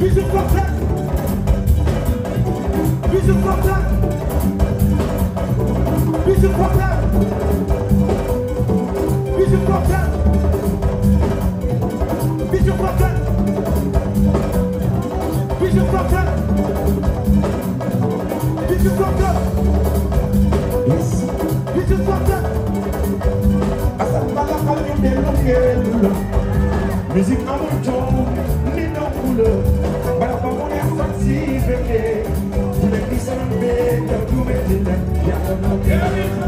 Bisu Procter Bisu Procter Yeah.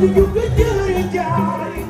you could do it, darling.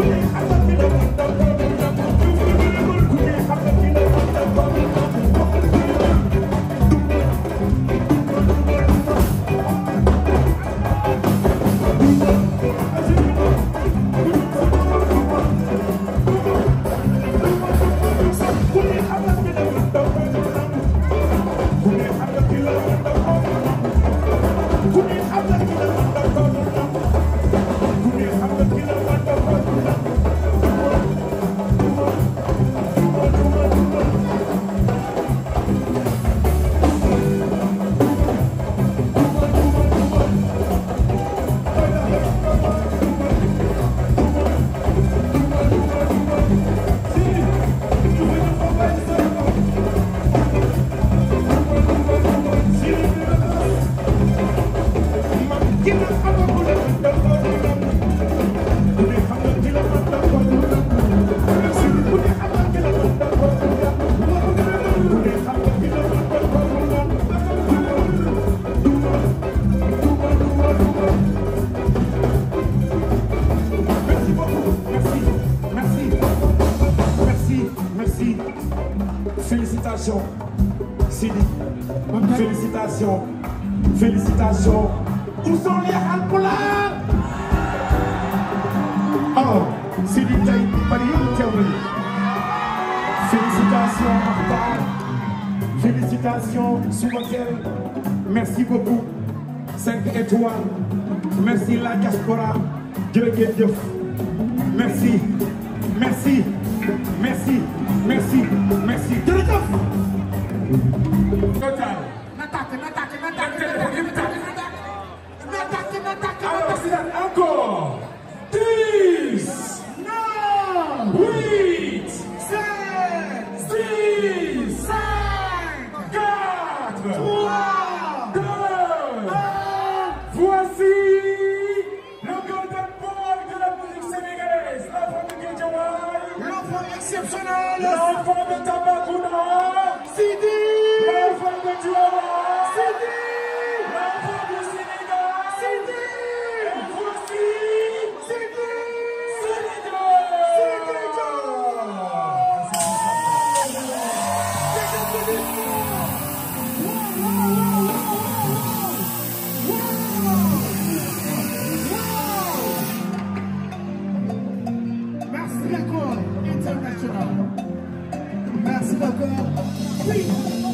ku ne Thank you. félicitations félicitations où sont les Halpulaar alors Sidi tey bari yëpp teew merci beaucoup 5 étoiles merci la diaspora jërëngeen jëf merci merci merci merci merci jërëjëf na tàkk na tàkk na tàkk na tàkk na tàkk na tàkk na tàkk alors c'est encore dix neuf huit sept six cinq quatre trois deux un voici le golden boy de la musique sénégalaise l'enfant de Guédiawaye l'enfant exceptionnel l'enfant de Tambacounda international. Merci beaucoup. Oui.